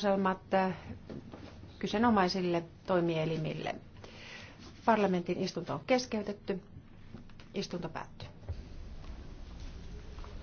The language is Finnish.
päätöslauselmat äh, kyseenomaisille toimielimille. Parlamentin istunto on keskeytetty. Istunto päättyy.